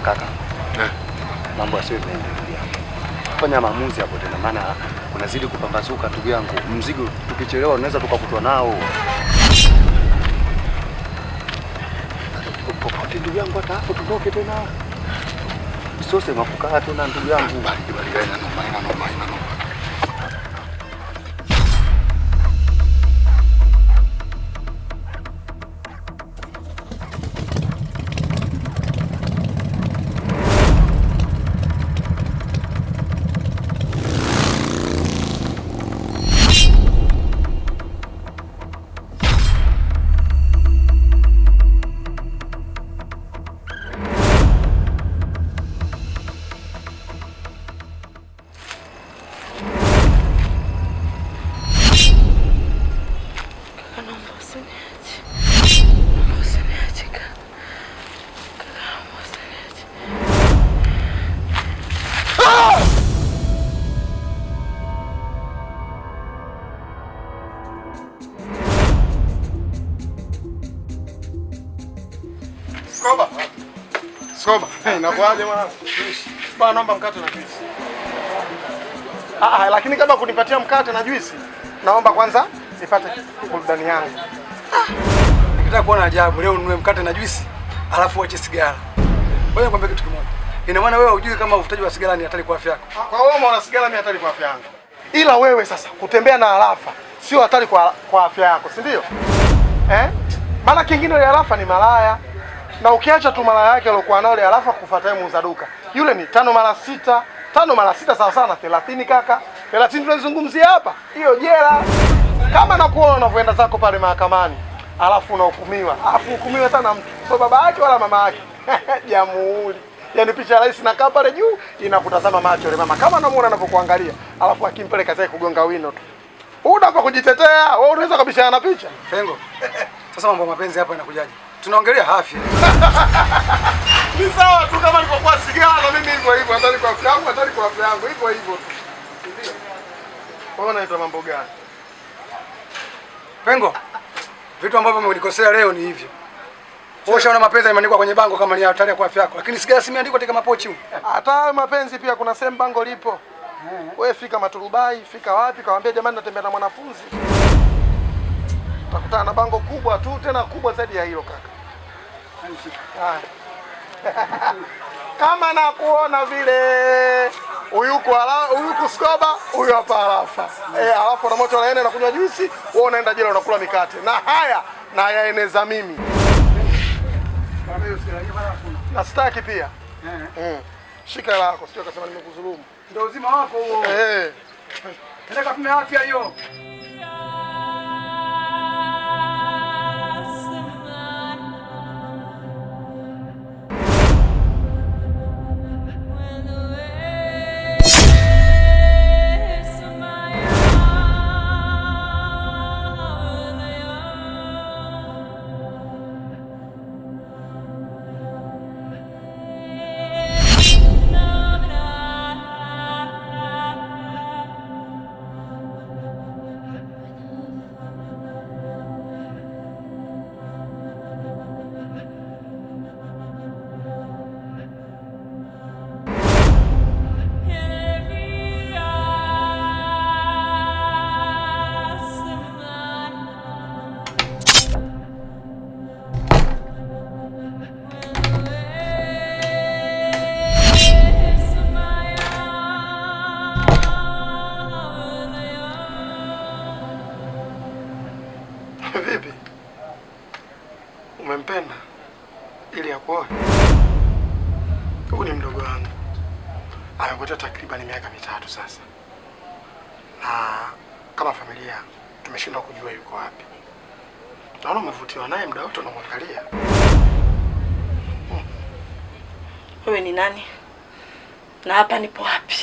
kaka, mambo yasiwe mendelea, fanya maamuzi hapo tena, maana kunazidi kupambazuka. Ndugu yangu, mzigo tukichelewa unaweza tukakutwa nao popote. Ndugu yangu, hata hapo tutoke tena, sio sema kukaa tena, ndugu yangu. Inakuaje mwanangu? Bwana naomba mkate na juisi. Ah, ah, lakini kabla kunipatia mkate na juisi, naomba kwanza nipate burudani yangu. Ah. Nikitaka kuona ajabu, leo ununue mkate na juisi, alafu uache sigara. Wewe nikwambie kitu kimoja. Ina maana wewe hujui kama uvutaji wa sigara ni hatari kwa afya yako. Ah, kwa wewe umeona sigara ni hatari kwa afya yangu. Ila wewe sasa kutembea na harafa sio hatari kwa kwa afya yako, si ndio? Eh? Maana kingine ile harafa ni malaya na ukiacha tu mara yake aliyokuwa nayo ile, alafu akufuatae muuza duka yule ni tano mara sita, tano mara sita sawa sawa na 30 kaka. 30 tunazungumzia hapa, hiyo jela. Kama nakuona unavyoenda zako pale mahakamani, alafu unahukumiwa, alafu hukumiwe sana mtu so baba yake wala mama yake jamhuri Yaani picha ya rais nakaa pale juu inakutazama macho ile mama kama anamuona anapokuangalia, alafu akimpeleka zake kugonga wino tu. Huna kujitetea, wewe unaweza kabishana na picha. Pengo. Sasa mambo mapenzi hapa inakujaje? tunaongelea afya. Ni sawa tu kama nilivyokuwa sigara mimi hivyo hivyo, hatari kwa afya yangu, hatari kwa afya yangu, hivyo hivyo Ndio. Unaona unaita mambo gani? Pengo. Vitu ambavyo umenikosea leo ni hivyo. Wewe una mapenzi yameandikwa kwenye bango kama ni hatari kwa afya yako, lakini sigara si imeandikwa katika mapochi huko. Ah, hata mapenzi pia kuna sehemu bango lipo. Eh. Wewe fika Maturubai, fika wapi, kawaambia jamani, natembea na mwanafunzi. Utakutana na bango kubwa tu, tena kubwa zaidi ya hilo kaka. kama nakuona vile uyuko uyuko skoba huyu hapa alafa mm. eh, alafu na moto laene kunywa juisi, wewe unaenda jela unakula mikate, na haya na yaeneza mimi na sitaki pia eh. mm. Shika lako, sio kasema nimekudhulumu, ndio uzima wako huo eh. Peleka tume afya hiyo. na hapa nipo wapi?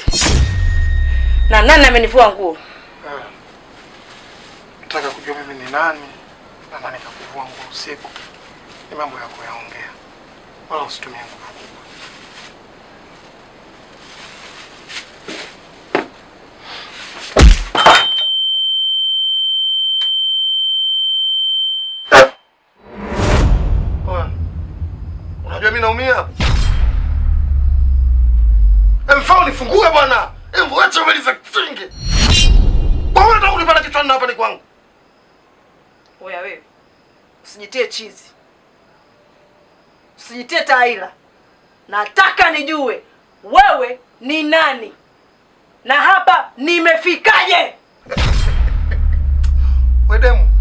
Na nani amenivua nguo? Eh, nataka kujua mimi ni nani na nani kakuvua nguo usiku. Ni mambo ya yaongea, wala usitumie nguvu kubwa. Unajua mimi naumia hapa. nifungue bwana. Hebu acha mali za kusinge. Wewe unataka kunipata kichwani hapa ni kwangu. Oya wewe. Usinitie chizi. Usinitie taila. Nataka nijue wewe ni nani na hapa nimefikaje? demu.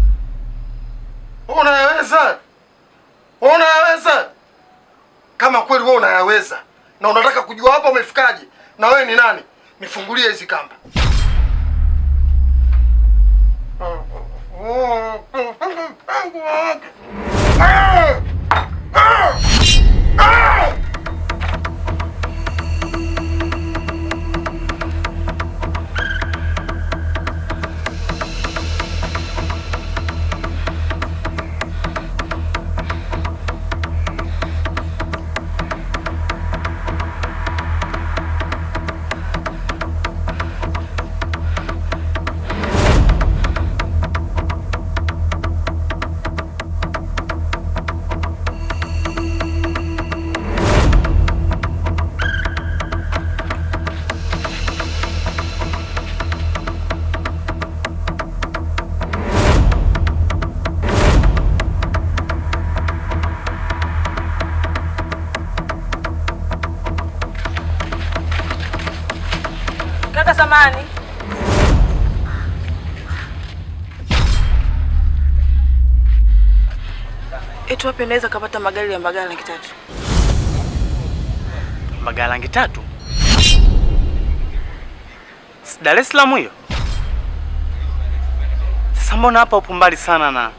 unayaweza, unayaweza. Kama kweli wewe unayaweza na unataka kujua hapa umefikaje, na wewe ni nani? Nifungulie hizi kamba. Amani. Eti wapi naweza kapata magari ya Mbagala laki tatu? Mbagala laki tatu? Si Dar es Salaam hiyo? Sasa mbona hapa upo mbali sana na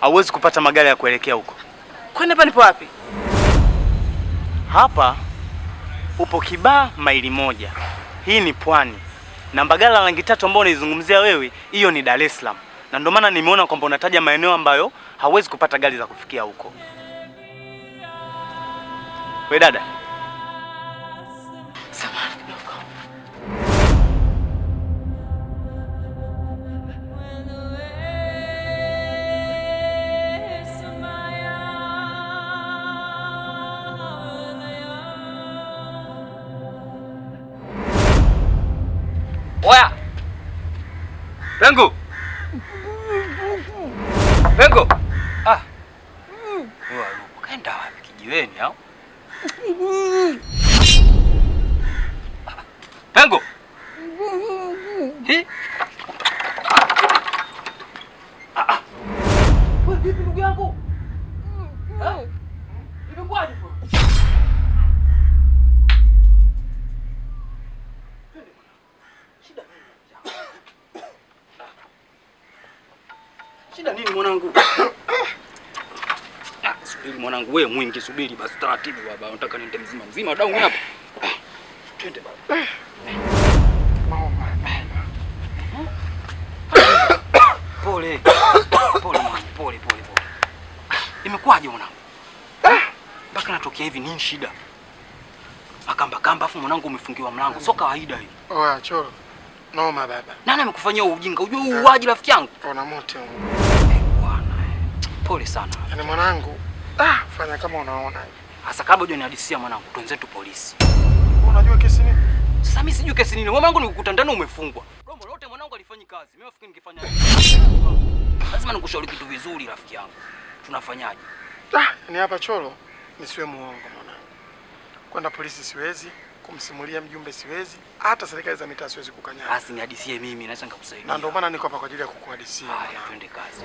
hauwezi kupata magari ya kuelekea huko? Kwani hapa nipo wapi? Hapa upo Kibaa maili moja. Hii ni pwani na Mbagala la rangi tatu ambayo unaizungumzia wewe, hiyo ni Dar es Salaam, na ndio maana nimeona kwamba unataja maeneo ambayo hawezi kupata gari za kufikia huko. We dada, samahani Pengo. Pengo. Ah. Wewe alupo wapi kijiweni au? Pengo. Hi. wewe mwingi, subiri basi taratibu baba, nataka niende mzima mzima down hapa. Twende baba. Mama. Pole. Pole mwanangu, pole pole pole. Imekuwaje mwanangu? Mpaka natokea hivi nini shida? Akamba kamba afu mwanangu umefungiwa mlango. Sio kawaida hiyo. Oya choro. Noma baba. Nani amekufanyia ujinga? Unajua uuaji rafiki yangu? Ona moto. Eh, bwana. Pole sana. Yaani mwanangu Ah, fanya kama unaona. Sasa kabla hujanihadisia mwanangu, twenzetu polisi. Unajua kesi nini? Sasa mimi sijui kesi nini. Mama yangu nikukuta ndani umefungwa. Romo lote mwanangu alifanyi kazi. Mimi nafikiri ningefanya. Lazima nikushauri kitu vizuri rafiki yangu. Tunafanyaje? Ah, ni hapa cholo. Nisiwe muongo mwanangu. Kwenda polisi siwezi, kumsimulia mjumbe siwezi, hata serikali za mitaa siwezi kukanyaga. Basi nihadisie mimi, naweza nikakusaidia. Na ndio maana niko hapa kwa ajili ya kukuhadisia. Haya, twende kazi.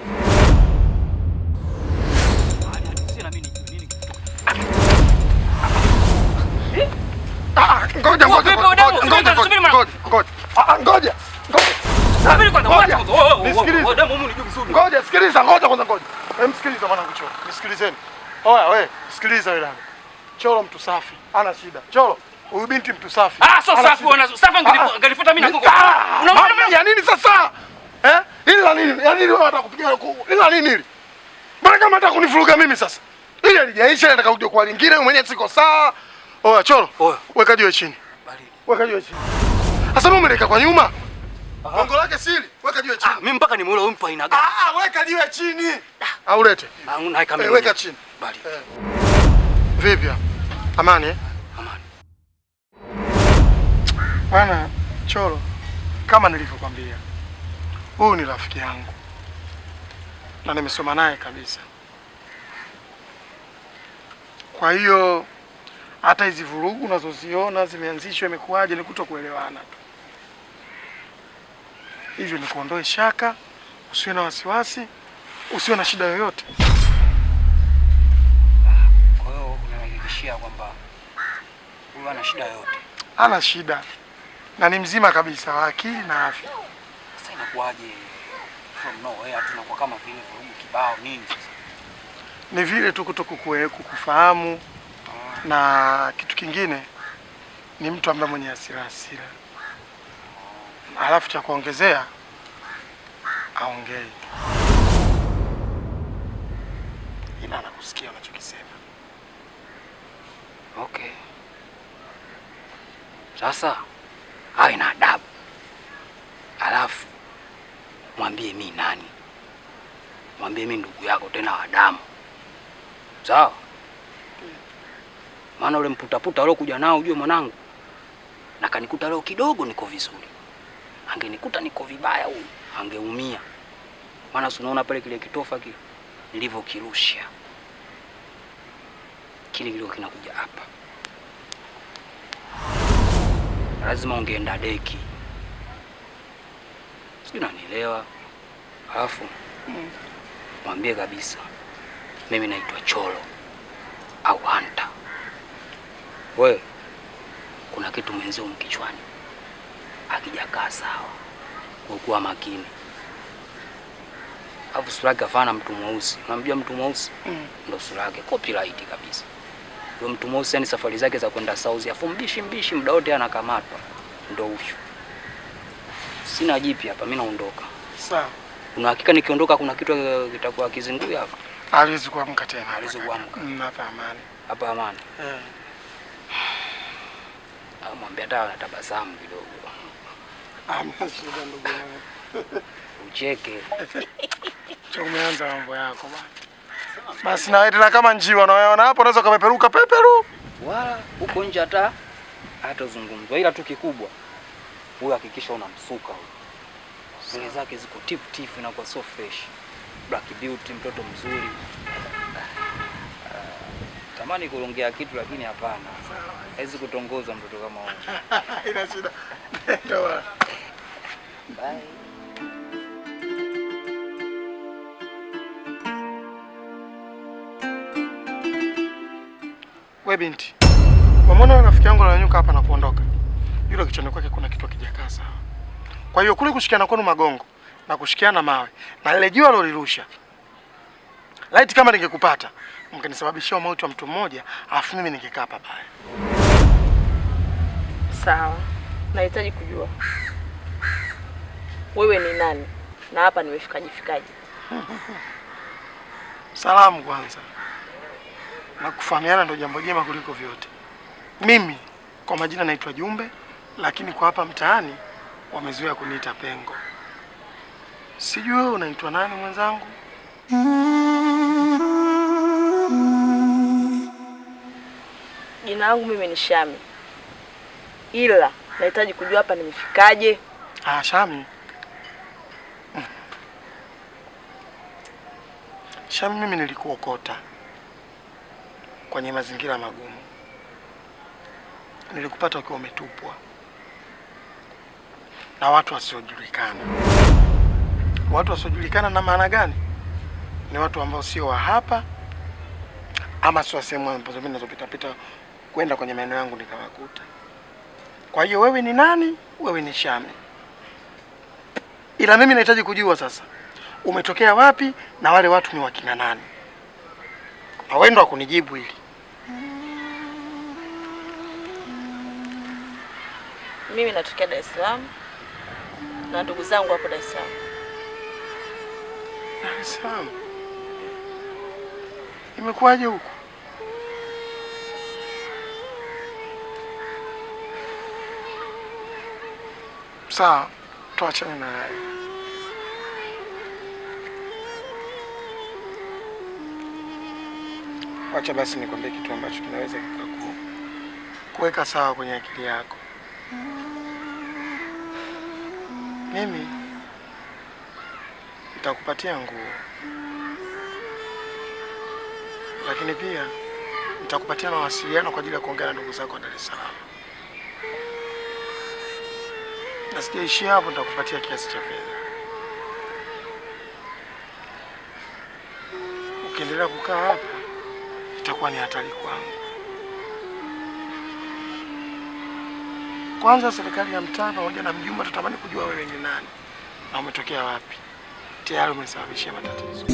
Ngoja ngoja kwanza, ngoja msikiliza mwanangu Cholo, sikiliza Cholo mtu safi, ana shida. Cholo huyu binti mtu safi. Ah, so safi wana safi ngalifuta ah, ah. mimi na ah, unaona mimi ya nini sasa? Eh? Hili la nini? wewe unataka kupiga hili nini hili? Mbona kama hata mimi sasa? Ile halijaisha nataka uje kwa lingine, mwenye siko sawa. Oya cholo. Oya. Weka jiwe chini. Baridi. Weka jiwe chini. Sasa mimi nimeleka kwa nyuma. Bongo lake sili. Weka jiwe chini. Ah, mimi mpaka nimuone huyu mpa aina gani? Ah, ah, weka jiwe chini. Ah, Au lete. Ah, unaweka mimi. Eh, weka chini. Baridi. Eh. Vipi hapa? Amani eh? Amani. Bana cholo, kama nilivyokuambia, huyu ni rafiki yangu na nimesoma naye kabisa. Kwa hiyo hata hizi vurugu unazoziona zimeanzishwa, imekuwaje? Ni kutokuelewana tu. Hivyo ni kuondoe shaka, usiwe na wasiwasi, usiwe na shida yoyote. Kwa hiyo unanihakikishia kwamba huyu ana shida yoyote? Ana shida na ni mzima kabisa wa akili na afya. Sasa inakuwaje from nowhere tunakuwa kama vile vurugu kibao nini? sasa? ni vile tu kuto kukufahamu, na kitu kingine ni mtu ambaye mwenye hasira hasira, alafu cha kuongezea aongei, ila anakusikia unachokisema. Okay, sasa awe na adabu, alafu mwambie mi nani, mwambie mi ndugu yako tena wa damu sawa? Maana ule mputaputa aliokuja nao ujue mwanangu, na kanikuta leo kidogo niko vizuri, angenikuta niko vibaya huyu angeumia. Maana si unaona pale kile kitofa kile nilivyokirusha kile kilio kinakuja hapa, lazima ungeenda deki, sijui nanielewa. Alafu mm. mwambie kabisa mimi naitwa Cholo au Hunter. We, kuna kitu mwenzio mkichwani akijakaa sawa, kuwa makini. afu sura yake afana mtu mweusi, unamjua mtu mweusi mm. Ndo sura yake copyright kabisa huyo mtu mweusi, yani safari zake za kwenda South afu mbishi mbishi muda wote anakamatwa, ndo huyo, Sina jipi hapa, mimi naondoka. Sawa, una hakika nikiondoka kuna kitu kitakuwa kizindui hapa? hawezi kuamka tena, hawezi kuamka. Mnapa mm, amani hapa, amani eh, amwambia ah, dawa na kidogo, amna ndugu yangu, ucheke tumeanza mambo yako bwana, basi na wewe tena kama njiwa naona hapo, unaweza ukapeperuka peperu, wala huko nje hata hatazungumzwa, ila tu kikubwa, huyo hakikisha unamsuka huyo, nywele zake ziko tip tip na kwa so fresh black beauty, mtoto mzuri. Tamani kuongea kitu lakini hapana, hawezi kutongoza mtoto kama huyo. Ina shida. Bye. We binti, wamwona rafiki yangu ananyuka hapa na kuondoka. Yule kichwani kwake kuna kitu kijakaa sawa. Kwa hiyo kule kushikiana kwenu magongo na kushikiana mawe na lile jua lolirusha. Laiti kama ningekupata mkanisababishia mauti wa mtu mmoja, afu mimi ningekaa baya. Sawa, nahitaji kujua wewe ni nani na hapa nimefikaje fikaje? Salamu kwanza na kufahamiana ndo jambo jema kuliko vyote. Mimi kwa majina naitwa Jumbe, lakini kwa hapa mtaani wamezoea kuniita Pengo. Sijui wewe unaitwa nani mwenzangu? Jina langu mimi ni Shami, ila nahitaji kujua hapa nimefikaje? Ah, Shami Shami, mimi nilikuokota kwenye mazingira magumu, nilikupata ukiwa umetupwa na watu wasiojulikana. Watu wasiojulikana na maana gani? Ni watu ambao sio wa hapa ama sio sehemu ambazo mimi nazopita pita kwenda kwenye maeneo yangu nikawakuta. Kwa hiyo wewe ni nani? Wewe ni Shame, ila mimi nahitaji kujua sasa umetokea wapi na wale watu ni wakina nani? Na wewe ndo akunijibu hili. Mimi natokea Dar es Salaam na ndugu zangu hapo Dar es Salaam. Dar Imekuwaje huko? Sawa, tuachane na haya. Wacha basi nikwambie kitu ambacho kinaweza kikaku kuweka sawa kwenye akili yako. Mimi nitakupatia nguo, lakini pia nitakupatia mawasiliano kwa ajili ya kuongea na ndugu zako wa Dar es Salaam, na sijaishia hapo, nitakupatia kiasi cha fedha. Ukiendelea kukaa hapa itakuwa ni hatari kwangu. Kwanza serikali ya mtaa pamoja na mjumbe tutamani kujua wewe ni nani na umetokea wapi tayari umenisababishia matatizo.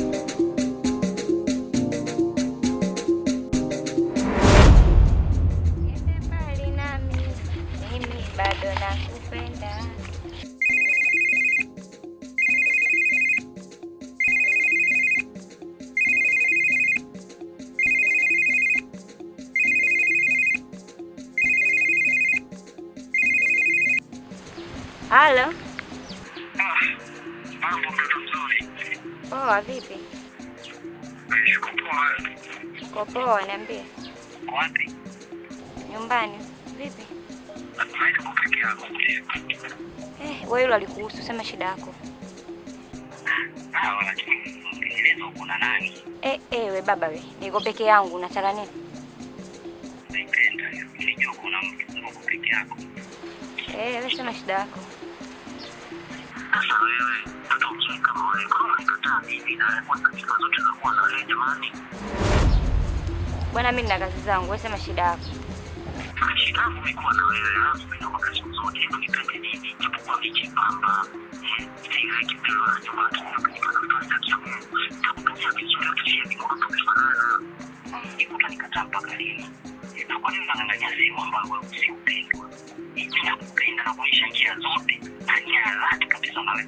Halo. Poa, vipi? Niko poa. Niko poa, niambie. Wapi? Nyumbani. Vipi? Uko peke yako? Eh, wewe yule alikuhusu, sema shida yako. Sawa, ah, lakini nieleze uko nani? Eh, eh, we baba we. Niko peke yangu, unataka nini? Nipenda, Nilijua kuna mtu uko peke yako. Eh, wewe sema shida yako. Bwana, mimi nina kazi zangu, wewe sema shida yako. Shida yangu ni kuwa na wewe, halafu yaani mimi kazi zote, hebu nipende nini? Japokuwa mimi chembamba, siwezi kipelo na chuma tu, kwa sababu ni haki yangu. Nitakupenda vizuri hata shia ni kwa sababu tunafanana. Iko utanikataa mpaka lini? Eh, na kwa nini unang'ang'ania sehemu ambayo wewe usipendwa? Mimi nakupenda na kuonyesha njia zote, na nia kabisa na wewe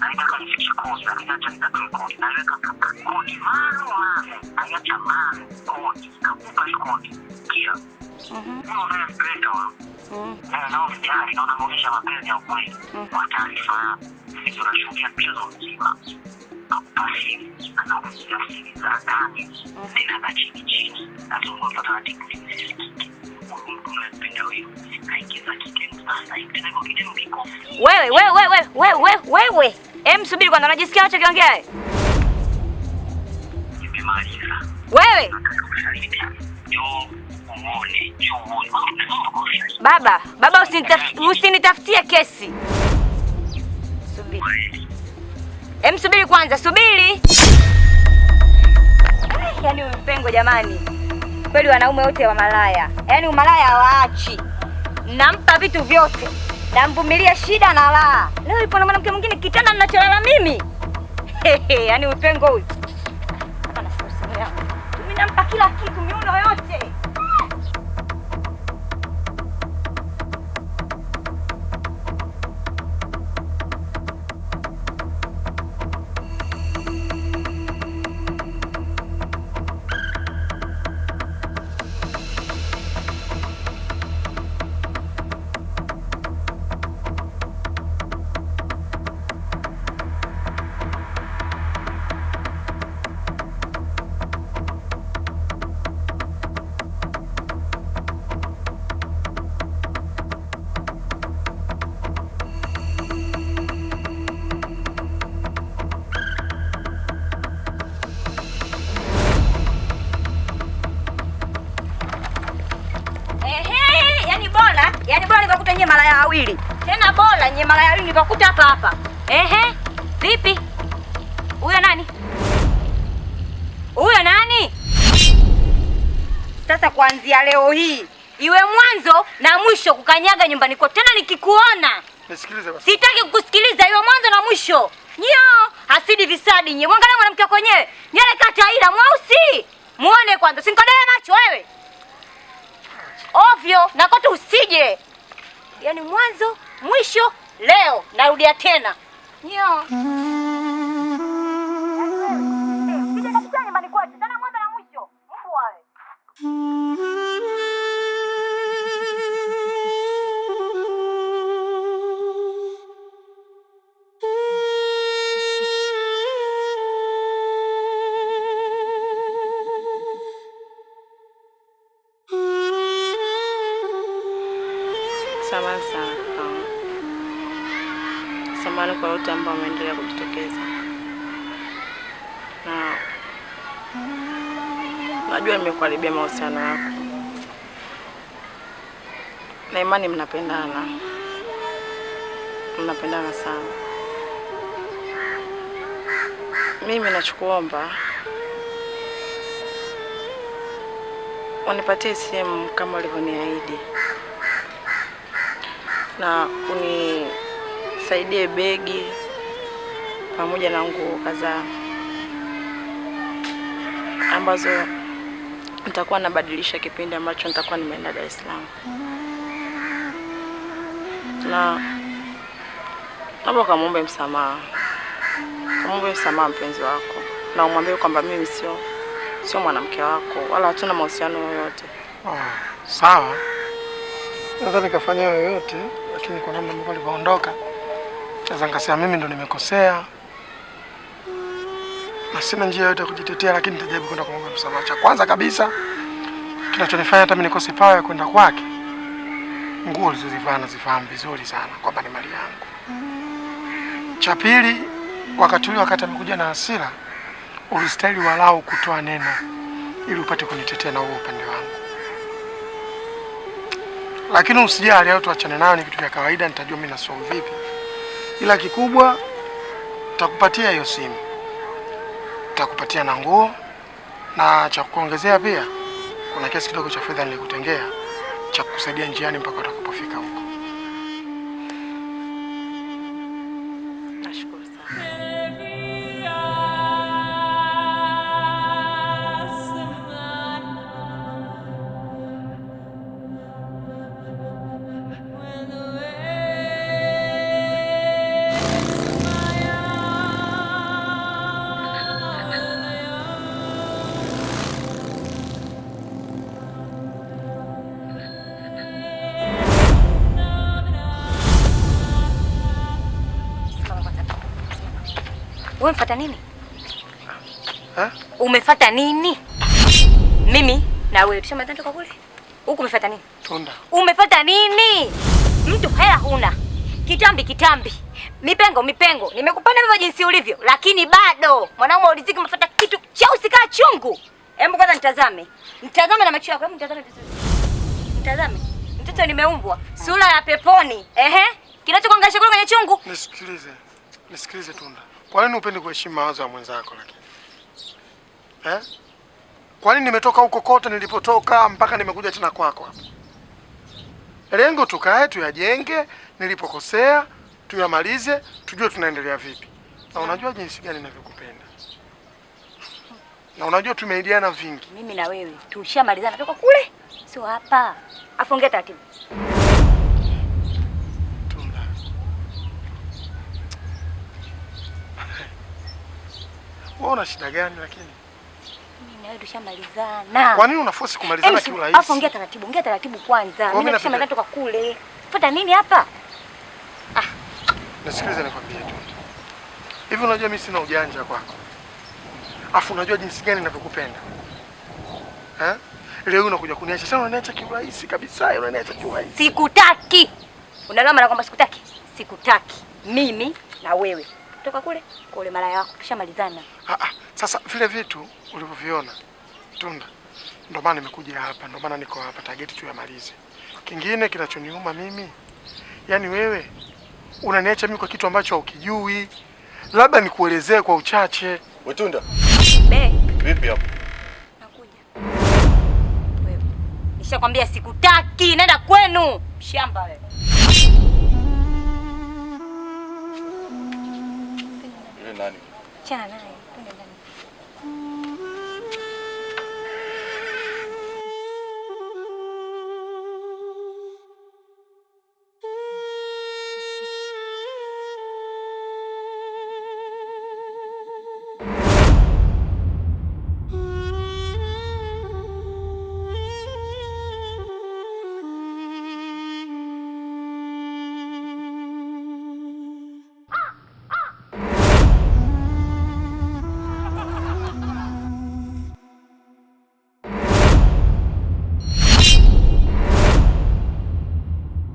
naenda kanifikisha kozi akinachanza kikodi naweka kodi mano mano ayacha mano kodi kakupa hii kodi pia huyo unayempenda huyo naonajari na unamwonyesha mapenzi ya ukweli kwa taarifa yako hizo unashuhudia mchezo mzima akupasili anauzia siri za ndani zinaga chini chini lazima taratibu zisikike wewe wewe wewe wewe wewe, hem, subiri kwanza, unajisikia kiongea wewe? Baba baba, usinitafutie kesi. Subiri hem, subiri kwanza, subiri. Eh, yaani umepengwa jamani. Kweli wanaume wote wa malaya, yaani umalaya waachi. Nampa vitu vyote, namvumilia shida na laa Leo ipo na mwanamke mwingine kitanda ninacholala mimi, yaani upengo huyu. Nampa kila kitu, miundo yote kwenye malaya nikakuta hapa hapa. Ehe, vipi huyo nani? Huyo nani? Sasa kuanzia leo hii iwe mwanzo na mwisho kukanyaga nyumbani kwao tena, nikikuona nisikilize basi. Sitaki kukusikiliza, iwe mwanzo na mwisho. Nyo hasidi visadi nye. Mwangalie mwanamke kwenyewe. nyele kata ila mweusi. Muone kwanza. Sinikodoe macho wewe. Ovyo, na kote usije. Yaani mwanzo, mwisho Leo narudia tena nyo mm. kuharibia mahusiano yako, na imani mnapendana, mnapendana sana. Mimi nachokuomba unipatie simu kama ulivyoniahidi na unisaidie begi pamoja na nguo kadhaa ambazo nitakuwa nabadilisha kipindi ambacho nitakuwa nimeenda Dar es Salaam, na labda ukamwombe msamaha, kamwombe msamaha mpenzi wako, na umwambie kwamba mimi sio sio mwanamke wako wala hatuna mahusiano yoyote. Ah, sawa, naweza nikafanya yoyote, lakini kwa namna ambavyo alivyoondoka naweza nikasema mimi ndo nimekosea na sina njia yote ya kujitetea, lakini nitajaribu kwenda kumwomba msamaha. Cha kwanza kabisa kinachonifanya hata mimi nikose pawa ya kwenda kwake, nguo nilizozivaa nazifahamu vizuri sana kwamba ni mali yangu. Cha pili, wakati ule, wakati amekuja na hasira, ulistahili walau kutoa neno ili upate kunitetea na huo upande wangu, lakini usijali au tuachane nayo, ni vitu vya kawaida, nitajua mimi na vipi, ila kikubwa nitakupatia hiyo simu nitakupatia na nguo na cha kuongezea pia kuna kiasi kidogo cha fedha nilikutengea cha kukusaidia njiani mpaka Umefata nini? Ha? Umefata nini? Mimi na wewe tushamaliza toka kule. Huko umefata nini? Tunda. Umefata nini? Mtu hela huna. Kitambi kitambi. Mipengo mipengo. Nimekupanda hivyo jinsi ulivyo, lakini bado mwanaume uliziki umefata kitu cheusi kama chungu. Hebu kwanza nitazame. Nitazame na macho yako. Hebu nitazame vizuri. Nitazame. Mtoto nimeumbwa sura ya peponi. Ehe. Kinachokuangaisha kule kwenye chungu? Nisikilize. Nisikilize Tunda. Kwa nini upendi kuheshimu mawazo ya mwenzako lakini eh? Kwa nini nimetoka huko kote nilipotoka mpaka nimekuja tena kwako hapa? Lengo tukae tuyajenge, nilipokosea tuyamalize, tujue tunaendelea vipi. Na unajua jinsi gani ninavyokupenda na unajua tumeidiana vingi, mimi na wewe tushamalizana toka kule, sio hapa. Afunge taratibu. Wewe una shida gani lakini? Mimi nawe tushamalizana. Kwa nini unaforce kumalizana kiu rahisi? Hapo ongea taratibu, ongea taratibu kwanza. Mimi tushamalizana toka kule. Futa nini hapa? Ah. Nasikiliza nikwambie tu. Hivi unajua mimi sina ujanja kwako. Afu unajua jinsi gani ninavyokupenda. Eh? Leo unakuja kuniacha. Sasa unaniacha kiurahisi rahisi kabisa, unaniacha kiu rahisi. Sikutaki. Unalama na kwamba sikutaki. Sikutaki. Mimi na wewe kutoka kule kwa ule malaya wako, kishamalizana. Ah, ah, sasa vile vitu ulivyoviona Tunda, ndio maana nimekuja hapa, ndio maana niko hapa, target tu yamalize. Kingine kinachoniuma mimi, yani wewe unaniacha mimi kwa kitu ambacho haukijui, labda nikuelezee kwa uchache. We Tunda, vipi hapo? Nakuja wewe, nishakwambia sikutaki, nenda kwenu shamba wewe. လားနေချာနာ